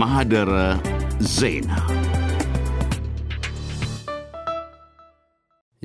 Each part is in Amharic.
ማህደረ ዜና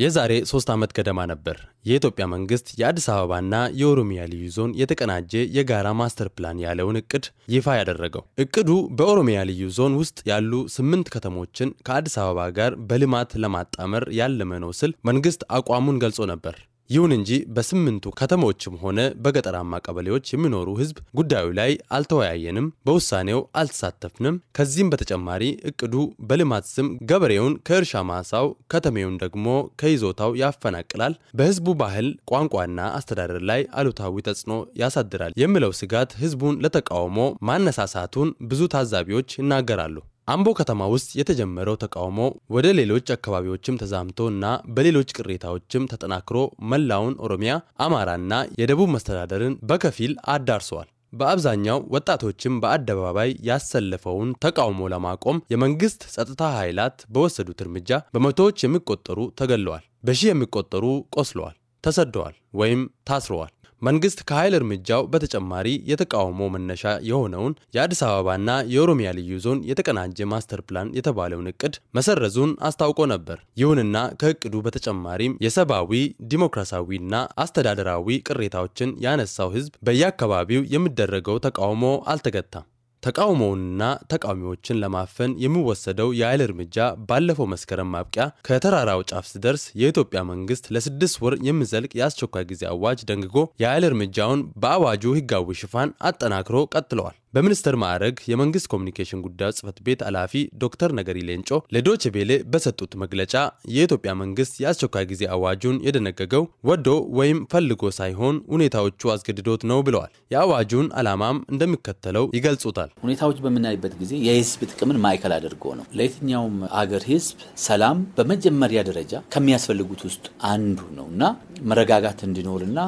የዛሬ ሶስት ዓመት ገደማ ነበር የኢትዮጵያ መንግስት የአዲስ አበባና የኦሮሚያ ልዩ ዞን የተቀናጀ የጋራ ማስተር ፕላን ያለውን እቅድ ይፋ ያደረገው። እቅዱ በኦሮሚያ ልዩ ዞን ውስጥ ያሉ ስምንት ከተሞችን ከአዲስ አበባ ጋር በልማት ለማጣመር ያለመ ነው ስል መንግስት አቋሙን ገልጾ ነበር። ይሁን እንጂ በስምንቱ ከተሞችም ሆነ በገጠራማ ቀበሌዎች የሚኖሩ ህዝብ ጉዳዩ ላይ አልተወያየንም፣ በውሳኔው አልተሳተፍንም። ከዚህም በተጨማሪ እቅዱ በልማት ስም ገበሬውን ከእርሻ ማሳው ከተሜውን ደግሞ ከይዞታው ያፈናቅላል፣ በህዝቡ ባህል ቋንቋና አስተዳደር ላይ አሉታዊ ተጽዕኖ ያሳድራል የሚለው ስጋት ህዝቡን ለተቃውሞ ማነሳሳቱን ብዙ ታዛቢዎች ይናገራሉ። አምቦ ከተማ ውስጥ የተጀመረው ተቃውሞ ወደ ሌሎች አካባቢዎችም ተዛምቶ እና በሌሎች ቅሬታዎችም ተጠናክሮ መላውን ኦሮሚያ፣ አማራና የደቡብ መስተዳደርን በከፊል አዳርሰዋል። በአብዛኛው ወጣቶችም በአደባባይ ያሰለፈውን ተቃውሞ ለማቆም የመንግስት ጸጥታ ኃይላት በወሰዱት እርምጃ በመቶዎች የሚቆጠሩ ተገለዋል፣ በሺህ የሚቆጠሩ ቆስለዋል፣ ተሰደዋል ወይም ታስረዋል። መንግስት ከኃይል እርምጃው በተጨማሪ የተቃውሞ መነሻ የሆነውን የአዲስ አበባና የኦሮሚያ ልዩ ዞን የተቀናጀ ማስተር ፕላን የተባለውን እቅድ መሰረዙን አስታውቆ ነበር። ይሁንና ከእቅዱ በተጨማሪም የሰብአዊ ዲሞክራሲያዊና አስተዳደራዊ ቅሬታዎችን ያነሳው ህዝብ በየአካባቢው የሚደረገው ተቃውሞ አልተገታም። ተቃውሞውንና ተቃዋሚዎችን ለማፈን የሚወሰደው የኃይል እርምጃ ባለፈው መስከረም ማብቂያ ከተራራው ጫፍ ሲደርስ የኢትዮጵያ መንግስት ለስድስት ወር የሚዘልቅ የአስቸኳይ ጊዜ አዋጅ ደንግጎ የኃይል እርምጃውን በአዋጁ ህጋዊ ሽፋን አጠናክሮ ቀጥለዋል። በሚኒስትር ማዕረግ የመንግስት ኮሚኒኬሽን ጉዳዮች ጽህፈት ቤት ኃላፊ ዶክተር ነገሪ ሌንጮ ለዶቼ ቬሌ በሰጡት መግለጫ የኢትዮጵያ መንግስት የአስቸኳይ ጊዜ አዋጁን የደነገገው ወዶ ወይም ፈልጎ ሳይሆን ሁኔታዎቹ አስገድዶት ነው ብለዋል። የአዋጁን ዓላማም እንደሚከተለው ይገልጹታል። ሁኔታዎች በምናይበት ጊዜ የህዝብ ጥቅምን ማዕከል አድርጎ ነው። ለየትኛውም አገር ህዝብ ሰላም በመጀመሪያ ደረጃ ከሚያስፈልጉት ውስጥ አንዱ ነው እና መረጋጋት እንዲኖርና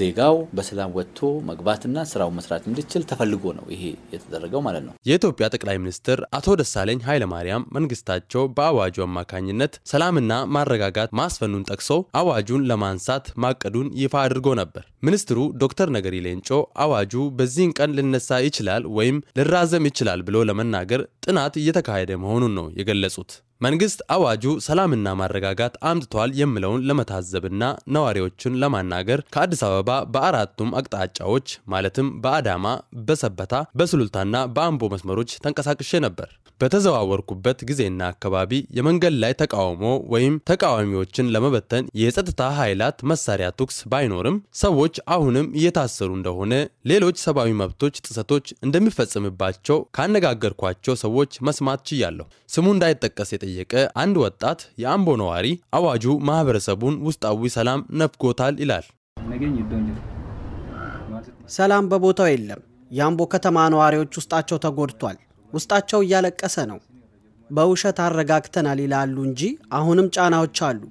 ዜጋው በሰላም ወጥቶ መግባትና ስራው መስራት እንዲችል ተፈልጎ ነው ይሄ የተደረገው ማለት ነው። የኢትዮጵያ ጠቅላይ ሚኒስትር አቶ ደሳለኝ ኃይለማርያም መንግስታቸው በአዋጁ አማካኝነት ሰላምና ማረጋጋት ማስፈኑን ጠቅሶ አዋጁን ለማንሳት ማቀዱን ይፋ አድርጎ ነበር። ሚኒስትሩ ዶክተር ነገሪ ሌንጮ አዋጁ በዚህን ቀን ልነሳ ይችላል ወይም ልራዘም ይችላል ብሎ ለመናገር ጥናት እየተካሄደ መሆኑን ነው የገለጹት። መንግስት አዋጁ ሰላምና ማረጋጋት አምጥቷል የምለውን ለመታዘብና ነዋሪዎችን ለማናገር ከአዲስ አበባ በአራቱም አቅጣጫዎች ማለትም በአዳማ፣ በሰበታ፣ በስሉልታና በአምቦ መስመሮች ተንቀሳቅሼ ነበር። በተዘዋወርኩበት ጊዜና አካባቢ የመንገድ ላይ ተቃውሞ ወይም ተቃዋሚዎችን ለመበተን የጸጥታ ኃይላት መሳሪያ ተኩስ ባይኖርም ሰዎች አሁንም እየታሰሩ እንደሆነ፣ ሌሎች ሰብአዊ መብቶች ጥሰቶች እንደሚፈጽምባቸው ካነጋገርኳቸው ሰዎች መስማት ችያለሁ። ስሙ እንዳይጠቀስ የጠየቀ አንድ ወጣት የአምቦ ነዋሪ አዋጁ ማህበረሰቡን ውስጣዊ ሰላም ነፍጎታል ይላል። ሰላም በቦታው የለም። የአምቦ ከተማ ነዋሪዎች ውስጣቸው ተጎድቷል። ውስጣቸው እያለቀሰ ነው። በውሸት አረጋግተናል ይላሉ እንጂ አሁንም ጫናዎች አሉ።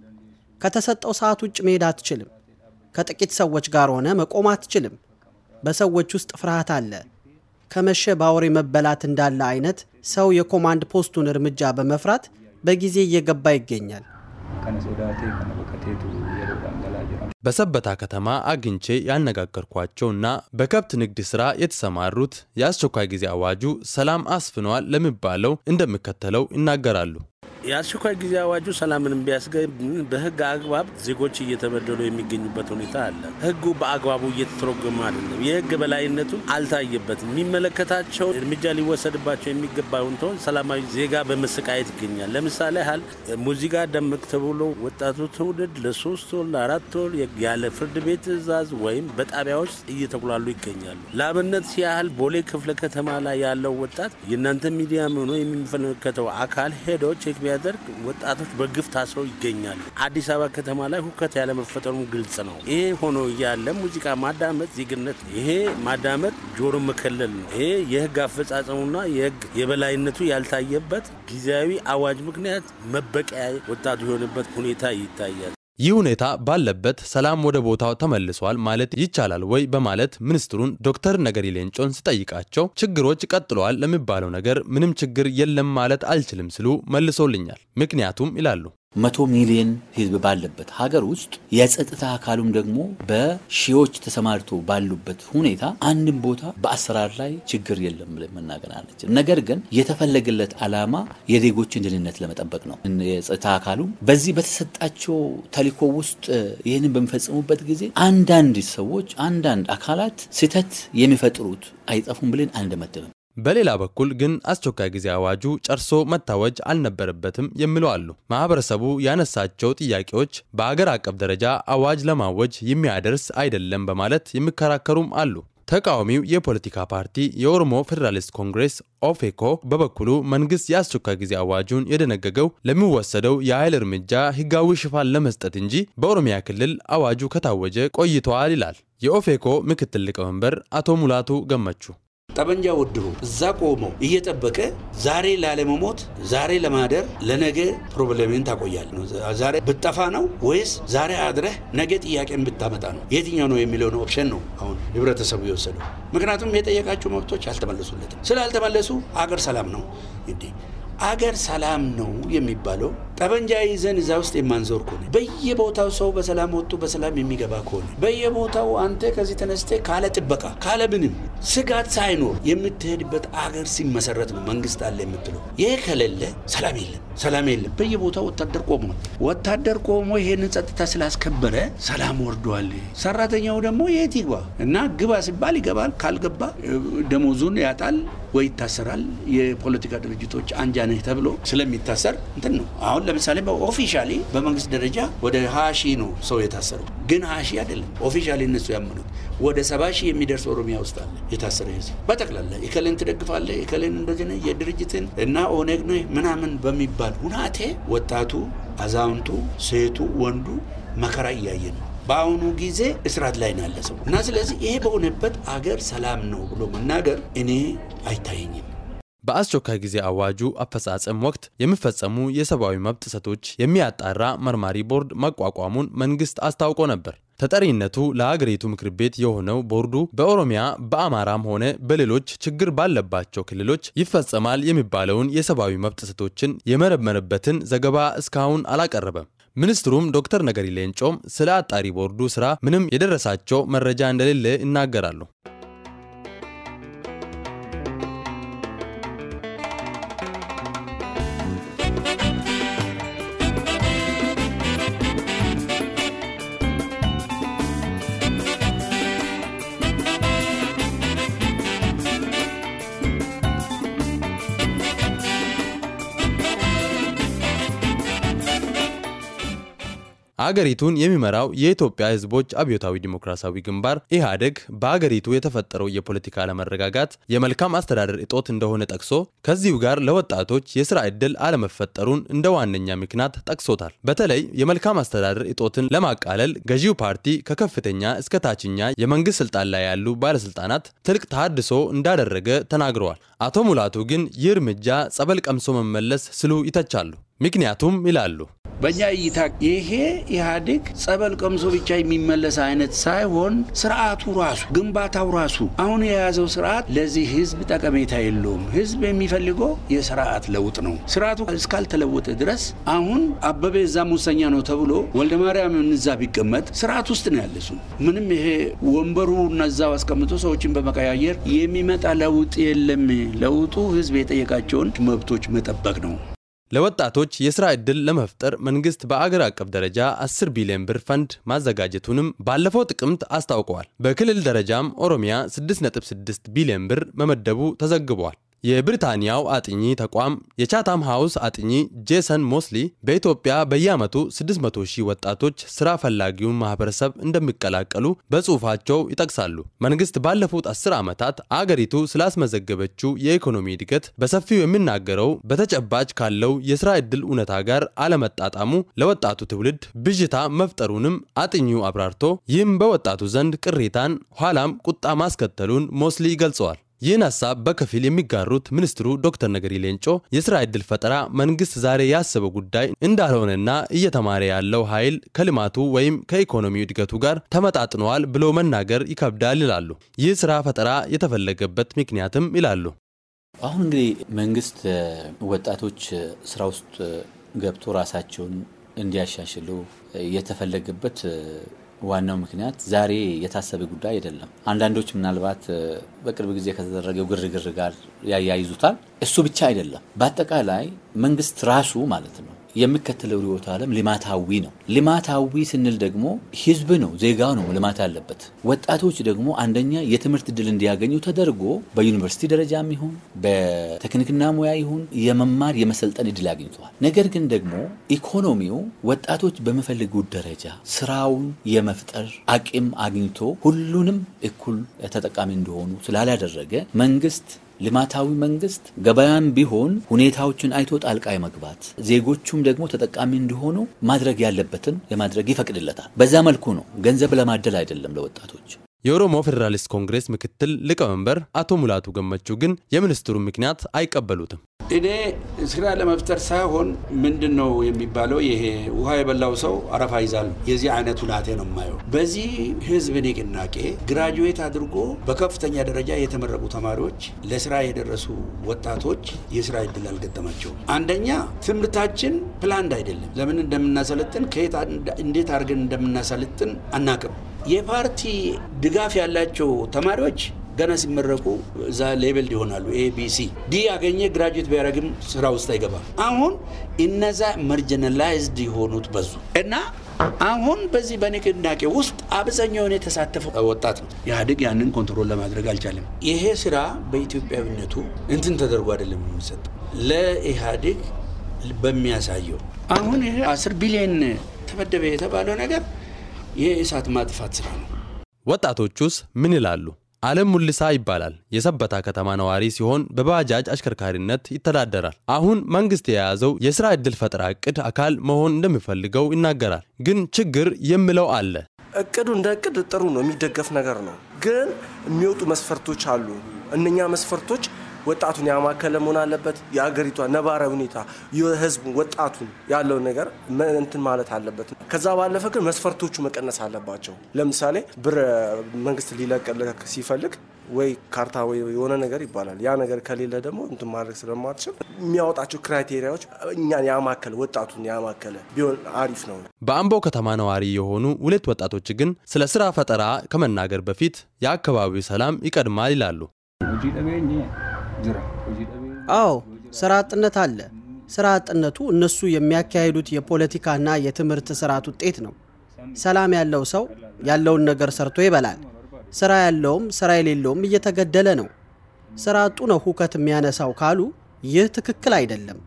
ከተሰጠው ሰዓት ውጭ መሄድ አትችልም። ከጥቂት ሰዎች ጋር ሆነ መቆም አትችልም። በሰዎች ውስጥ ፍርሃት አለ። ከመሸ በአውሬ መበላት እንዳለ አይነት ሰው የኮማንድ ፖስቱን እርምጃ በመፍራት በጊዜ እየገባ ይገኛል። በሰበታ ከተማ አግኝቼ ያነጋገርኳቸውና በከብት ንግድ ስራ የተሰማሩት የአስቸኳይ ጊዜ አዋጁ ሰላም አስፍነዋል ለሚባለው እንደሚከተለው ይናገራሉ። የአስቸኳይ ጊዜ አዋጁ ሰላምን ቢያስገብም በህግ አግባብ ዜጎች እየተበደሉ የሚገኙበት ሁኔታ አለ። ህጉ በአግባቡ እየተተረጎመ አይደለም። የህግ በላይነቱ አልታየበትም። የሚመለከታቸው እርምጃ ሊወሰድባቸው የሚገባ ሆንተሆን ሰላማዊ ዜጋ በመሰቃየት ይገኛል። ለምሳሌ ያህል ሙዚቃ ደምቅ ተብሎ ወጣቱ ትውልድ ለሶስት ወር ለአራት ወር ያለ ፍርድ ቤት ትዕዛዝ ወይም በጣቢያዎች እየተጉላሉ ይገኛሉ። ለአብነት ያህል ቦሌ ክፍለ ከተማ ላይ ያለው ወጣት የእናንተ ሚዲያ ሆኖ የሚመለከተው አካል ሄዶች ቢያደርግ ወጣቶች በግፍ ታስረው ይገኛሉ። አዲስ አበባ ከተማ ላይ ሁከት ያለመፈጠሩም ግልጽ ነው። ይሄ ሆኖ ያለ ሙዚቃ ማዳመጥ ዜግነት፣ ይሄ ማዳመጥ ጆሮ መከለል ነው። ይሄ የህግ አፈጻጸሙና የህግ የበላይነቱ ያልታየበት ጊዜያዊ አዋጅ ምክንያት መበቀያ ወጣቱ የሆነበት ሁኔታ ይታያል። ይህ ሁኔታ ባለበት ሰላም ወደ ቦታው ተመልሷል ማለት ይቻላል ወይ በማለት ሚኒስትሩን ዶክተር ነገሪ ሌንጮን ስጠይቃቸው ችግሮች ቀጥለዋል ለሚባለው ነገር ምንም ችግር የለም ማለት አልችልም ሲሉ መልሶልኛል። ምክንያቱም ይላሉ መቶ ሚሊየን ህዝብ ባለበት ሀገር ውስጥ የጸጥታ አካሉም ደግሞ በሺዎች ተሰማርቶ ባሉበት ሁኔታ አንድም ቦታ በአሰራር ላይ ችግር የለም ብለን መናገር አለችን። ነገር ግን የተፈለገለት ዓላማ የዜጎችን ደህንነት ለመጠበቅ ነው። የጸጥታ አካሉም በዚህ በተሰጣቸው ተልዕኮ ውስጥ ይህንን በሚፈጽሙበት ጊዜ አንዳንድ ሰዎች፣ አንዳንድ አካላት ስህተት የሚፈጥሩት አይጠፉም ብለን አንደመድምም። በሌላ በኩል ግን አስቸኳይ ጊዜ አዋጁ ጨርሶ መታወጅ አልነበረበትም የሚሉ አሉ። ማህበረሰቡ ያነሳቸው ጥያቄዎች በአገር አቀፍ ደረጃ አዋጅ ለማወጅ የሚያደርስ አይደለም በማለት የሚከራከሩም አሉ። ተቃዋሚው የፖለቲካ ፓርቲ የኦሮሞ ፌዴራሊስት ኮንግሬስ ኦፌኮ በበኩሉ መንግስት የአስቸኳይ ጊዜ አዋጁን የደነገገው ለሚወሰደው የኃይል እርምጃ ህጋዊ ሽፋን ለመስጠት እንጂ በኦሮሚያ ክልል አዋጁ ከታወጀ ቆይተዋል ይላል። የኦፌኮ ምክትል ሊቀመንበር አቶ ሙላቱ ገመቹ ጠመንጃ ወድሮ እዛ ቆሞ እየጠበቀ ዛሬ ላለመሞት ዛሬ ለማደር ለነገ ፕሮብለምን ታቆያል ነው። ዛሬ ብጠፋ ነው ወይስ ዛሬ አድረህ ነገ ጥያቄን ብታመጣ ነው? የትኛው ነው የሚለውን ኦፕሽን ነው አሁን ህብረተሰቡ የወሰደው። ምክንያቱም የጠየቃቸው መብቶች አልተመለሱለትም። ስላልተመለሱ አገር ሰላም ነው እንዴ? አገር ሰላም ነው የሚባለው ጠበንጃ ይዘን እዛ ውስጥ የማንዞር ከሆነ በየቦታው ሰው በሰላም ወጡ በሰላም የሚገባ ከሆነ በየቦታው አንተ ከዚህ ተነስተ ካለ ጥበቃ ካለ ምንም ስጋት ሳይኖር የምትሄድበት አገር ሲመሰረት ነው መንግስት አለ የምትለው። ይህ ከሌለ ሰላም የለም፣ ሰላም የለም። በየቦታው ወታደር ቆሟል። ወታደር ቆሞ ይሄንን ጸጥታ ስላስከበረ ሰላም ወርዷል። ሰራተኛው ደግሞ የት ይግባ እና ግባ ሲባል ይገባል፣ ካልገባ ደሞዙን ያጣል ወይ ይታሰራል። የፖለቲካ ድርጅቶች አንጃ ነህ ተብሎ ስለሚታሰር እንትን ነው አሁን ለምሳሌ ኦፊሻሊ በመንግስት ደረጃ ወደ ሀያ ሺህ ነው ሰው የታሰረው፣ ግን ሀያ ሺህ አይደለም ኦፊሻሊ እነሱ ያመኑት ወደ ሰባ ሺህ የሚደርስ ኦሮሚያ ውስጥ አለ የታሰረ ህዝብ በጠቅላላ የከሌን ትደግፋለ የከሌን እንደዚህ የድርጅትን እና ኦነግ ነ ምናምን በሚባል ሁናቴ ወጣቱ፣ አዛውንቱ፣ ሴቱ፣ ወንዱ መከራ እያየ ነው። በአሁኑ ጊዜ እስራት ላይ ናለ ሰው እና ስለዚህ ይሄ በሆነበት አገር ሰላም ነው ብሎ መናገር እኔ አይታየኝም። በአስቸኳይ ጊዜ አዋጁ አፈጻጸም ወቅት የሚፈጸሙ የሰብአዊ መብት ጥሰቶች የሚያጣራ መርማሪ ቦርድ ማቋቋሙን መንግስት አስታውቆ ነበር። ተጠሪነቱ ለሀገሪቱ ምክር ቤት የሆነው ቦርዱ በኦሮሚያ በአማራም ሆነ በሌሎች ችግር ባለባቸው ክልሎች ይፈጸማል የሚባለውን የሰብአዊ መብት ጥሰቶችን የመረመረበትን ዘገባ እስካሁን አላቀረበም። ሚኒስትሩም ዶክተር ነገሪ ሌንጮም ስለ አጣሪ ቦርዱ ስራ ምንም የደረሳቸው መረጃ እንደሌለ ይናገራሉ። አገሪቱን የሚመራው የኢትዮጵያ ሕዝቦች አብዮታዊ ዲሞክራሲያዊ ግንባር ኢህአዴግ በአገሪቱ የተፈጠረው የፖለቲካ አለመረጋጋት የመልካም አስተዳደር እጦት እንደሆነ ጠቅሶ ከዚሁ ጋር ለወጣቶች የስራ ዕድል አለመፈጠሩን እንደ ዋነኛ ምክንያት ጠቅሶታል። በተለይ የመልካም አስተዳደር እጦትን ለማቃለል ገዢው ፓርቲ ከከፍተኛ እስከ ታችኛ የመንግስት ስልጣን ላይ ያሉ ባለስልጣናት ትልቅ ተሃድሶ እንዳደረገ ተናግረዋል። አቶ ሙላቱ ግን ይህ እርምጃ ጸበል ቀምሶ መመለስ ስሉ ይተቻሉ። ምክንያቱም ይላሉ በእኛ እይታ ይሄ ኢህአዴግ ጸበል ቀምሶ ብቻ የሚመለስ አይነት ሳይሆን ስርዓቱ ራሱ ግንባታው ራሱ አሁን የያዘው ስርዓት ለዚህ ህዝብ ጠቀሜታ የለውም። ህዝብ የሚፈልገው የስርዓት ለውጥ ነው። ስርዓቱ እስካልተለወጠ ድረስ አሁን አበበ የዛ ሙሰኛ ነው ተብሎ ወልደ ማርያም እንዛ ቢቀመጥ ስርዓት ውስጥ ነው ያለሱ ምንም ይሄ ወንበሩ እነዛው አስቀምጦ ሰዎችን በመቀያየር የሚመጣ ለውጥ የለም። ለውጡ ህዝብ የጠየቃቸውን መብቶች መጠበቅ ነው። ለወጣቶች የሥራ ዕድል ለመፍጠር መንግስት በአገር አቀፍ ደረጃ 10 ቢሊዮን ብር ፈንድ ማዘጋጀቱንም ባለፈው ጥቅምት አስታውቀዋል። በክልል ደረጃም ኦሮሚያ 6.6 ቢሊዮን ብር መመደቡ ተዘግቧል። የብሪታንያው አጥኚ ተቋም የቻታም ሃውስ አጥኚ ጄሰን ሞስሊ በኢትዮጵያ በየዓመቱ 600 ሺህ ወጣቶች ስራ ፈላጊውን ማህበረሰብ እንደሚቀላቀሉ በጽሑፋቸው ይጠቅሳሉ። መንግስት ባለፉት 10 ዓመታት አገሪቱ ስላስመዘገበችው የኢኮኖሚ እድገት በሰፊው የሚናገረው በተጨባጭ ካለው የስራ ዕድል እውነታ ጋር አለመጣጣሙ ለወጣቱ ትውልድ ብዥታ መፍጠሩንም አጥኚው አብራርቶ ይህም በወጣቱ ዘንድ ቅሬታን ኋላም ቁጣ ማስከተሉን ሞስሊ ገልጸዋል። ይህን ሀሳብ በከፊል የሚጋሩት ሚኒስትሩ ዶክተር ነገሪ ሌንጮ የስራ ዕድል ፈጠራ መንግስት ዛሬ ያሰበው ጉዳይ እንዳልሆነና እየተማረ ያለው ኃይል ከልማቱ ወይም ከኢኮኖሚው እድገቱ ጋር ተመጣጥነዋል ብሎ መናገር ይከብዳል ይላሉ። ይህ ስራ ፈጠራ የተፈለገበት ምክንያትም ይላሉ። አሁን እንግዲህ መንግስት ወጣቶች ስራ ውስጥ ገብቶ ራሳቸውን እንዲያሻሽሉ የተፈለገበት ዋናው ምክንያት ዛሬ የታሰበ ጉዳይ አይደለም። አንዳንዶች ምናልባት በቅርብ ጊዜ ከተደረገው ግርግር ጋር ያያይዙታል። እሱ ብቻ አይደለም። በአጠቃላይ መንግስት ራሱ ማለት ነው የሚከተለው ርዕዮተ ዓለም ልማታዊ ነው። ልማታዊ ስንል ደግሞ ህዝብ ነው፣ ዜጋ ነው ልማት ያለበት። ወጣቶች ደግሞ አንደኛ የትምህርት እድል እንዲያገኙ ተደርጎ በዩኒቨርሲቲ ደረጃም ይሁን በቴክኒክና ሙያ ይሁን የመማር የመሰልጠን እድል አግኝተዋል። ነገር ግን ደግሞ ኢኮኖሚው ወጣቶች በሚፈልጉት ደረጃ ስራውን የመፍጠር አቅም አግኝቶ ሁሉንም እኩል ተጠቃሚ እንደሆኑ ስላላደረገ መንግስት ልማታዊ መንግስት ገበያም ቢሆን ሁኔታዎችን አይቶ ጣልቃ የመግባት ዜጎቹም ደግሞ ተጠቃሚ እንዲሆኑ ማድረግ ያለበትን ለማድረግ ይፈቅድለታል። በዛ መልኩ ነው፣ ገንዘብ ለማደል አይደለም ለወጣቶች። የኦሮሞ ፌዴራሊስት ኮንግሬስ ምክትል ሊቀመንበር አቶ ሙላቱ ገመቹ ግን የሚኒስትሩን ምክንያት አይቀበሉትም። እኔ ስራ ለመፍጠር ሳይሆን ምንድን ነው የሚባለው ይሄ ውሃ የበላው ሰው አረፋ ይዛል። የዚህ አይነቱ ላቴ ነው የማየው። በዚህ ህዝብ ንቅናቄ ግራጁዌት አድርጎ በከፍተኛ ደረጃ የተመረቁ ተማሪዎች፣ ለስራ የደረሱ ወጣቶች የስራ እድል አልገጠማቸውም። አንደኛ ትምህርታችን ፕላንድ አይደለም። ለምን እንደምናሰለጥን ከየት እንዴት አድርገን እንደምናሰለጥን አናቅም። የፓርቲ ድጋፍ ያላቸው ተማሪዎች ገና ሲመረቁ እዛ ሌቤልድ ይሆናሉ። ኤቢሲ ዲ ያገኘ ግራጁዌት ቢያደርግም ስራ ውስጥ አይገባም። አሁን እነዛ መርጀናላይዝድ የሆኑት በዙ እና አሁን በዚህ በንቅናቄ ውስጥ አብዛኛውን የተሳተፈው ወጣት ነው። ኢህአዴግ ያንን ኮንትሮል ለማድረግ አልቻለም። ይሄ ስራ በኢትዮጵያዊነቱ እንትን ተደርጎ አይደለም የሚሰጥ ለኢህአዴግ በሚያሳየው አሁን ይሄ አስር ቢሊዮን ተመደበ የተባለው ነገር የእሳት ማጥፋት ስራ ነው። ወጣቶቹስ ምን ይላሉ? አለም ሙልሳ ይባላል። የሰበታ ከተማ ነዋሪ ሲሆን በባጃጅ አሽከርካሪነት ይተዳደራል። አሁን መንግስት የያዘው የስራ ዕድል ፈጠራ እቅድ አካል መሆን እንደሚፈልገው ይናገራል። ግን ችግር የምለው አለ። እቅዱ እንደ እቅድ ጥሩ ነው፣ የሚደገፍ ነገር ነው። ግን የሚወጡ መስፈርቶች አሉ። እነኛ መስፈርቶች ወጣቱን ያማከለ መሆን አለበት። የሀገሪቷ ነባራዊ ሁኔታ የህዝቡን ወጣቱን ያለውን ነገር እንትን ማለት አለበት። ከዛ ባለፈ ግን መስፈርቶቹ መቀነስ አለባቸው። ለምሳሌ ብር መንግስት ሊለቅልክ ሲፈልግ ወይ ካርታ ወይ የሆነ ነገር ይባላል። ያ ነገር ከሌለ ደግሞ እንትን ማድረግ ስለማትችል የሚያወጣቸው ክራይቴሪያዎች እኛን ያማከለ ወጣቱን ያማከለ ቢሆን አሪፍ ነው። በአምቦ ከተማ ነዋሪ የሆኑ ሁለት ወጣቶች ግን ስለ ስራ ፈጠራ ከመናገር በፊት የአካባቢው ሰላም ይቀድማል ይላሉ። አዎ ስራ አጥነት አለ። ስራ አጥነቱ እነሱ የሚያካሂዱት የፖለቲካና የትምህርት ስርዓት ውጤት ነው። ሰላም ያለው ሰው ያለውን ነገር ሰርቶ ይበላል። ስራ ያለውም ስራ የሌለውም እየተገደለ ነው። ስራ አጡ ነው ሁከት የሚያነሳው ካሉ ይህ ትክክል አይደለም።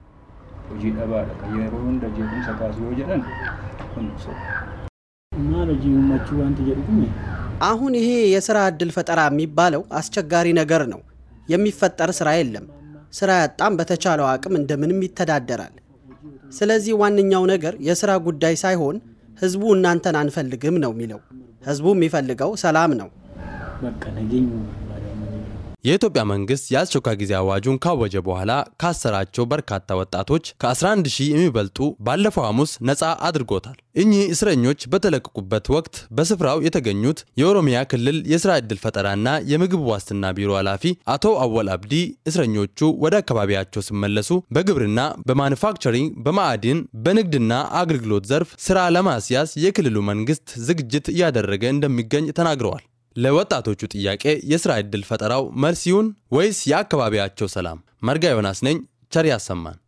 አሁን ይሄ የስራ እድል ፈጠራ የሚባለው አስቸጋሪ ነገር ነው። የሚፈጠር ስራ የለም። ስራ ያጣም በተቻለው አቅም እንደምንም ይተዳደራል። ስለዚህ ዋነኛው ነገር የስራ ጉዳይ ሳይሆን ህዝቡ እናንተን አንፈልግም ነው የሚለው። ህዝቡ የሚፈልገው ሰላም ነው። የኢትዮጵያ መንግስት የአስቸኳይ ጊዜ አዋጁን ካወጀ በኋላ ካሰራቸው በርካታ ወጣቶች ከ11 ሺህ የሚበልጡ ባለፈው ሐሙስ ነፃ አድርጎታል። እኚህ እስረኞች በተለቀቁበት ወቅት በስፍራው የተገኙት የኦሮሚያ ክልል የስራ ዕድል ፈጠራና የምግብ ዋስትና ቢሮ ኃላፊ አቶ አወል አብዲ እስረኞቹ ወደ አካባቢያቸው ሲመለሱ በግብርና፣ በማኑፋክቸሪንግ፣ በማዕድን፣ በንግድና አገልግሎት ዘርፍ ስራ ለማስያዝ የክልሉ መንግስት ዝግጅት እያደረገ እንደሚገኝ ተናግረዋል። ለወጣቶቹ ጥያቄ የስራ ዕድል ፈጠራው መልስ ይሁን ወይስ የአካባቢያቸው ሰላም? መርጋ ዮናስ ነኝ። ቸር ያሰማን።